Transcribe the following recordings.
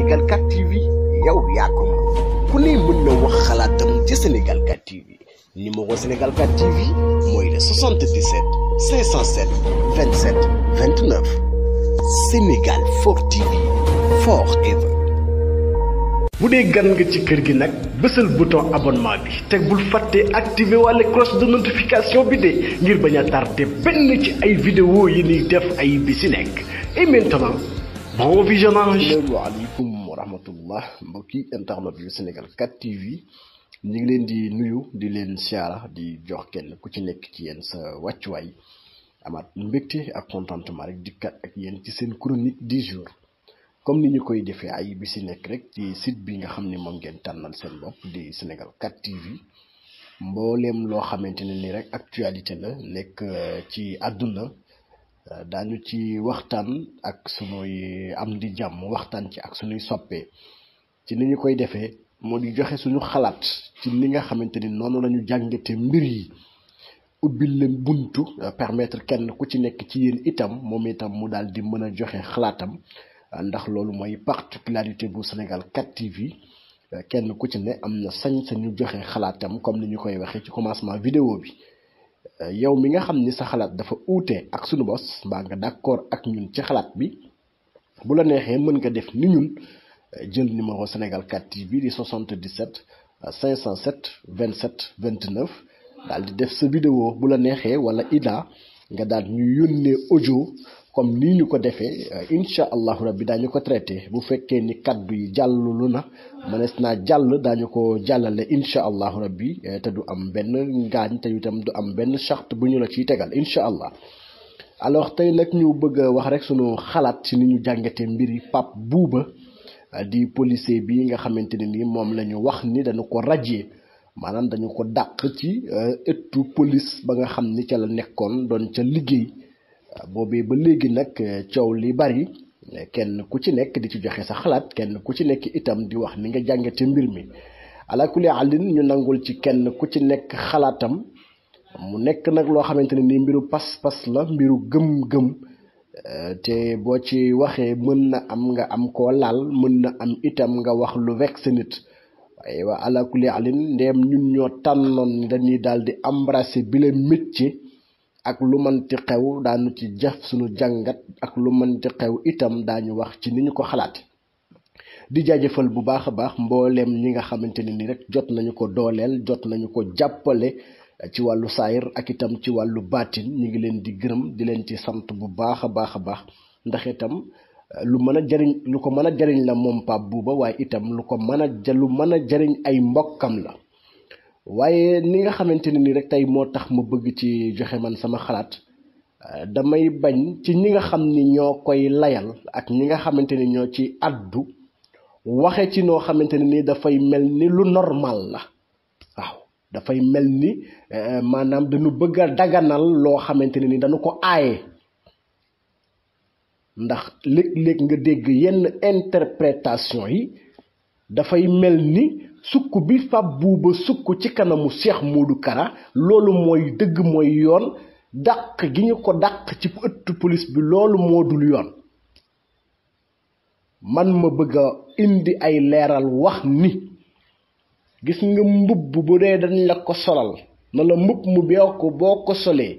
Sénégal 4 TV yow yaa ko ne mën na wax xalaatam ci Sénégal 4 TV numéro Sénégal 4 TV moy le 77 507 27 29 Sénégal 4 TV forever. bu dee gan nga ci kër gi nag le bouton abonnement bi teg bul fàttee activé cloche de notification bi de ngir bañ a tardé benn ci ay vidéo yi ni def ay et maintenant bon visionnage rahmatullah mbokki internet du Sénégal 4 TV ñu ngi leen di nuyu di leen siyaara di jox kenn ku ci nekk ci yeen sa wàccuwaay amaat mbégte ak contentement rek dikkat ak yéen ci seen chronique du jours comme ni ñu koy defee ay bi si nekk rek ci site bi nga xam ne moom ngeen tànnal seen bopp di Sénégal 4 TV mbooleem loo xamante ne ni rek actualité la nekk euh, ci àdduna daañu ci waxtaan ak sunuy am di jàmm waxtaan ci ak sunuy soppee ci ni ñu koy defee moo di joxe suñu xalaat ci ni nga xamante ni noonu lañu jàngate mbir yi ubbi leen buntu permettre kenn ku ci nekk ci yéen itam moom itam mu daal di mën a joxe xalaatam ndax loolu mooy particularité bu Sénégal 4 TV kenn ku ci ne am na sañ-sañu joxe xalaatam comme ni ñu koy waxee ci commencement vidéo bi yow mi nga xam ni sa xalaat dafa uute ak sunu bos mbaa nga d'accord ak ñun ci xalaat bi bu la neexee mën nga def ni ñun jël numéro Sénégal 4 TV di 77 507 27 29 daal di def sa vidéo bu la neexee wala Ida nga daal ñu yónnee ojo comme ni ñu ko défé euh, insha allah rabbi dañu ko traité bu fekkee ni kaddu yi jàllulu na manes na jall dañu ko jallalé insha allah rabbi euh, té du am ben ngañ té itam du am ben charte bu ñu la ci tegal insha allah alors tay nak ñu bëgg wax rek suñu xalaat ci ni ñu jàngété mbiri pap buba euh, di policier bi nga xamanteni ni mom lañu dan wax ni dañu ko rajé manam dañu ko dakk ci ëttu police ba nga xamni ci la nekkon don ci liggéey boobee ba léegi nag eh, coow li bari kenn ku ci nekk di ci joxe sa xalaat kenn ku ci nekk itam di wax ni nga jàngate mbir mi alakuli àllin ñu nangul ci kenn ku ci nekk xalaatam mu nekk nag loo xamante ne ni mbiru pas-pas la mbiru gëm-gëm eh, te boo ci waxee mën na am nga am koo laal mën na am itam nga wax lu vex sa nit waaye waa alakuli àllin ndeem ñun ñoo tànnoon ni dañuy daal di embrasser bi la métier ak lu mënti xew daanu ci jaf sunu jàngat ak lu mënti xew itam daañu wax ci ni ñu ko xalaat di jaajëfal bu baax a baax mbooleem ñi nga xamante ne ni rek jot nañu ko dooleel jot nañu ko jàppale ci wàllu saayir ak itam ci wàllu baatin ñu ngi leen di gërëm di leen ci sant bu baax a baax a baax ndax itam eh, lu mën a jariñ lu ko mën a jariñ la moom Pape Bouba waaye itam lu ko mën a lu mën a jariñ ay mbokkam la waaye ni nga xamante ne ni rek tey moo tax ma bëgg ci joxe man sama xalaat euh, damay bañ ci ñi nga xam ni ñoo koy layal ak ñi nga xamante ni ñoo ci addu waxe ci noo xamante ne ni dafay mel ni lu normal la waaw dafay mel ni euh, maanaam dañu bëgg a daganal loo xamante ne ni dañu ko aaye ndax léeg-léeg nga dégg yenn interprétation yi dafay mel ni sukk bi fab buuba sukk ci kanamu Cheikh Modou Kara loolu mooy dëgg mooy yoon daq gi ñu ko daq ci ëttu polis bi loolu moo dul yoon man ma bëgg a indi ay leeral wax ni gis nga mbubb bu dee dañ la ko solal na la mbubb mu beew ko boo ko solee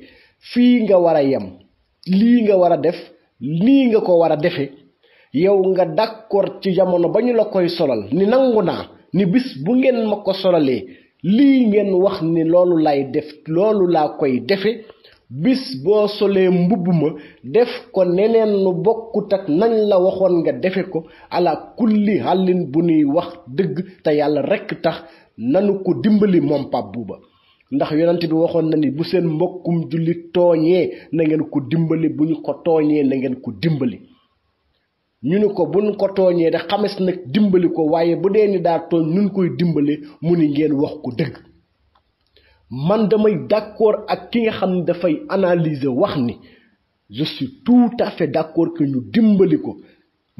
fii nga war a yem lii nga war a def nii nga ko war a defe yow nga d'accord ci jamono ba ñu la koy solal ni nangu naa ni bis bu ngeen ma ko solalee lii ngeen wax ni loolu lay def loolu laa koy defe bis boo solee mbubb ma def ko neneen nu bokkut ak nañ la waxoon nga defe ko ala kulli xàllin bu nuy wax dëgg te yàlla rekk tax nanu ko dimbali moom Pape Bouba ndax yonent bi waxoon na ni bu seen mbokkum julli tooñee nangeen ngeen ko dimbali bu ñu ko tooñee na ngeen ko dimbali ñu ni ko buñ ko tooñee da xames nag dimbali ko waaye bu dee ni daa tooñ nun koy dimbali mu ni ngeen wax ko dëgg man damay d'accord ak ki nga xam ne dafay analyser wax ni je suis tout à fait d'accord ñu dimbali ko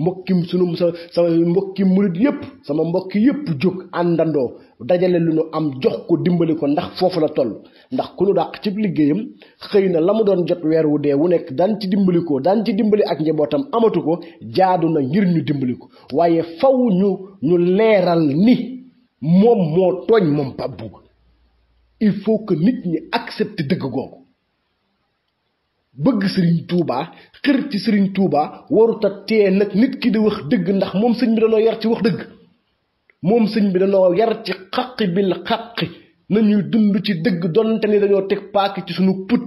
mbokkim sunu sa sama mu murit yëpp sama mbokki yëpp jóg àndandoo dajale lu nu am jox ko dimbali ko ndax foofu la toll ndax ku nu dàq ci liggéeyam xëy na la mu doon jot weer wu dee wu nekk daan ci dimbali ko daan ci dimbali ak njabootam amatu ko jaadu na ngir ñu dimbali ko waaye faw ñu ñu leeral ni moom moo tooñ moom Pape il faut que nit ñi ak accepter dëgg googu bëgg sëriñ Touba xër ci sëriñ Touba waruta a tee nag nit ki di wax dëgg ndax moom sëñ bi danoo yar ci wax dëgg moom sëñ bi danoo yar ci xaqi bil xaqi nañuy dund ci dëgg donte ni dañoo teg paak ci suñu put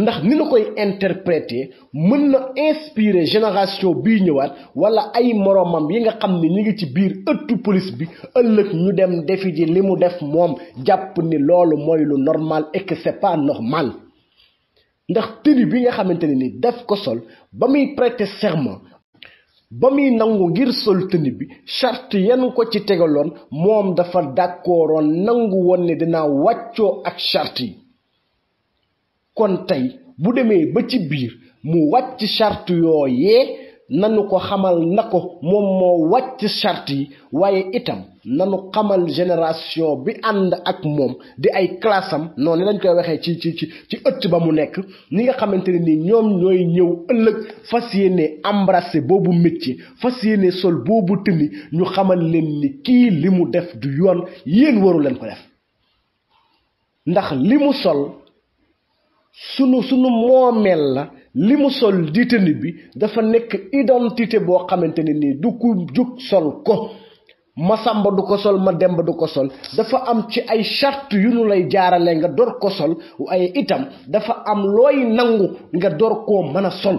ndax ni ñu koy interpréter mën na inspirer génération bii ñëwaat wala ay moromam yi nga xam ni ñu ngi ci biir ëttu police bi ëllëg ñu dem defiji li mu def moom jàpp ni loolu mooy lu normal et que c'est ndax tenue bi nga xamante ni def ko sol ba muy prêter serment ba muy nangu ngir sol tenue bi charte yan ko ci tegaloon moom dafa d'accordoon nangu woon ne dinaa wàccoo ak charte yi kon tey bu demee ba ci biir mu wàcc charte yooyee nanu ko xamal na ko moom moo wàcc charte yi waaye itam nanu xamal génération bi ànd ak moom di ay classe noonu lañ koy waxee ci ci ci ci ëtt ba mu nekk ñi nga xamante ni ñoom ñooy ñëw ëllëg fas yéene embrasser boobu métier fas yéene sol boobu tëni ñu xamal leen ni kii li mu def du yoon yéen waru leen ko def ndax li mu sol sunu sunu moomeel la li mu sol di tenue bi dafa nekk identité boo xamante ne nii du ku jug sol ko ma sàmba du ko sol ma demba du ko sol dafa am ci ay charte yu ñu lay jaarale nga door ko sol waaye itam dafa am looy nangu nga door koo mën a sol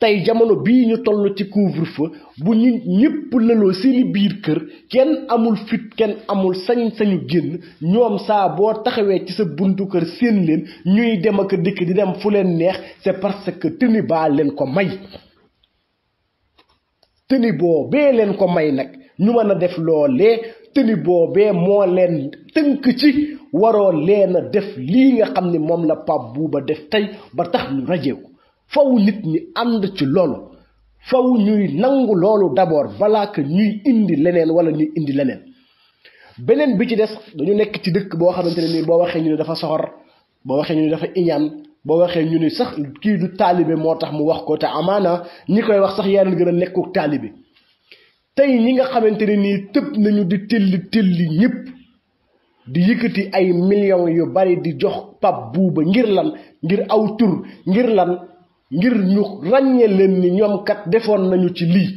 tey jamono bii ñu toll ci couvre-feu bu ñu ñëpp lëloo seeni biir kër kenn amul fit kenn amul sañ-sañu génn ñoom saa boo taxawee ci sa buntu kër seen leen ñuy dem ak dikk di dem fu leen neex c'est parce que tëni baa leen ko may tëni boo leen ko may nag ñu mën a def loolee tëni boobee moo leen tënk ci waroo leen a def lii nga xam ni moom la Pape Bouba def tey ba tax ñu rajew faw nit ñi ànd ci loolu fow ñuy nangu loolu d'abord balaa que ñuy indi leneen wala ñuy indi leneen beneen bi ci des dañu nekk ci dëkk boo xamante ne boo waxee ñu ne dafa soxor boo waxee ñu ne dafa boo waxee ñu ne sax kii du taalibe moo tax mu wax ko te amaana ñi koy wax sax yaa leen gën a nekkuk taalibe tey ñi nga xamante ne nii tëb nañu di tëlli tëlli ñëpp di yëkkati ay million yu bari di jox Pape Bouba ngir lan ngir aw tur ngir lan ngir ñu ràññee leen ni ñoom defoon nañu ci lii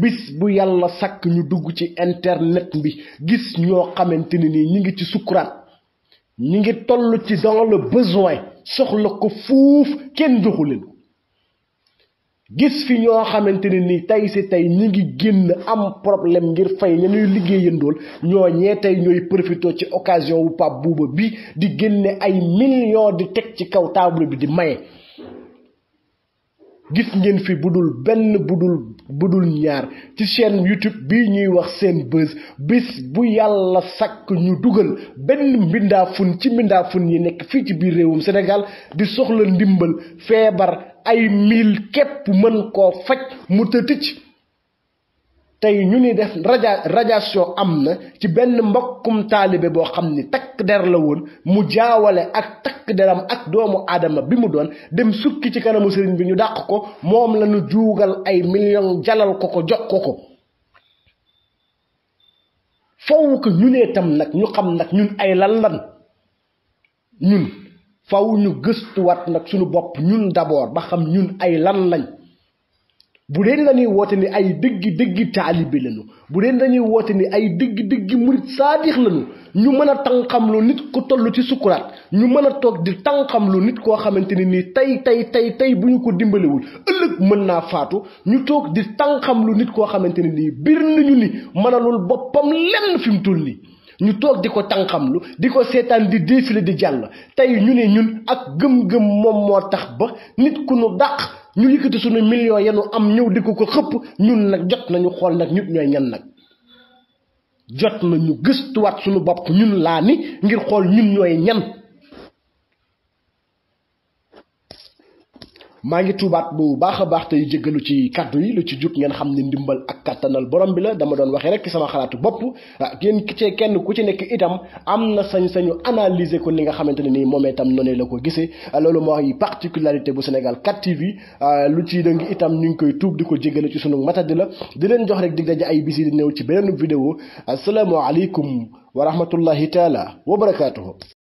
bis bu yàlla sàkk ñu dugg ci internet bi gis ñoo xamante ni nii ñi ngi ci sukkuraat ñi ngi toll ci dans le soxla ko fuuf kenn joxu leen gis fi ñoo xamante ne nii tey si tey ñi ngi génn am problème ngir fay ñuy liggéeyandool ñoo ñee tey ñooy profité ci occasion wu Pape Bouba bi di génne ay millions di teg ci kaw taabalu bi di maye gis ngeen fi budul benn budul budul ñaar ci chaîne YouTube bi ñuy wax seen buzz bis bu yàlla sàkk ñu dugal benn mbindaafun ci mbindaafun yi nekk fii ci biir réewum senegal di soxla ndimbal feebar ay mil képp mën koo faj mu tëtëj tey ñu ni def raja radiation am na ci benn mbokkum taalibe boo xam ni takk der la woon mu jaawale ak takk deram ak doomu aadama bi mu doon dem sukki ci kanamu sëriñ bi ñu dàq ko moom lañu ñu juugal ay million jalal ko ko jox ko ko faw ko ñu tam nag ñu xam nag ñun ay lan lan ñun faw ñu gëstuwaat nag suñu bopp ñun d'abord ba xam ñun ay lan lañ bu dee ni dañuy woote ni ay dëgg dëgg taalibe lañu bu dee ni dañuy woote ni ay dëgg dëgg murit saadix lañu ñu mën a tànqamlu nit ko toll ci sukkuraat ñu mën a toog di tànqamlu nit koo xamante ni nii tey tey tey tey bu ñu ko dimbalewul mën naa faatu ñu toog di tànqamlu nit koo xamante ni nii biir nañu ni mënalul boppam lenn fi mu toll nii ñu toog di ko lu di ko seetaan di défilé di jàll tey ñu ne ñun ak gëm-gëm moom moo tax ba nit ku nu dàq ñu yëkkati suñu millions yenu am ñëw di ko ko xëpp ñun nag jot nañu xool nag ñun ñooy ñan nag jot nañu gëstuwaat suñu bopp ñun laa ni ngir xool ñun ñooy ñan maa ngi tuubaat bu baax a baax tey jéggalu ci kàddu yi lu ci jub ngeen xam ne ndimbal ak kàttanal borom bi la dama doon waxee rek sama xalaatu bopp ah, yéen ki kenn ku ci nekk itam am na sañ-sañu analyser ko li nga xamante ne nii moom itam noonu la ko gisee ah, loolu mooy particularité bu Sénégal 4 TV ah, lu ci dëng itam ñu ngi koy tuub di ko jéggalu ci sunu di la di leen jox rek dig daje ay bis yi di néew ci beneen vidéo asalaamaaleykum wa rahmatullahi taala wa barakaatuhu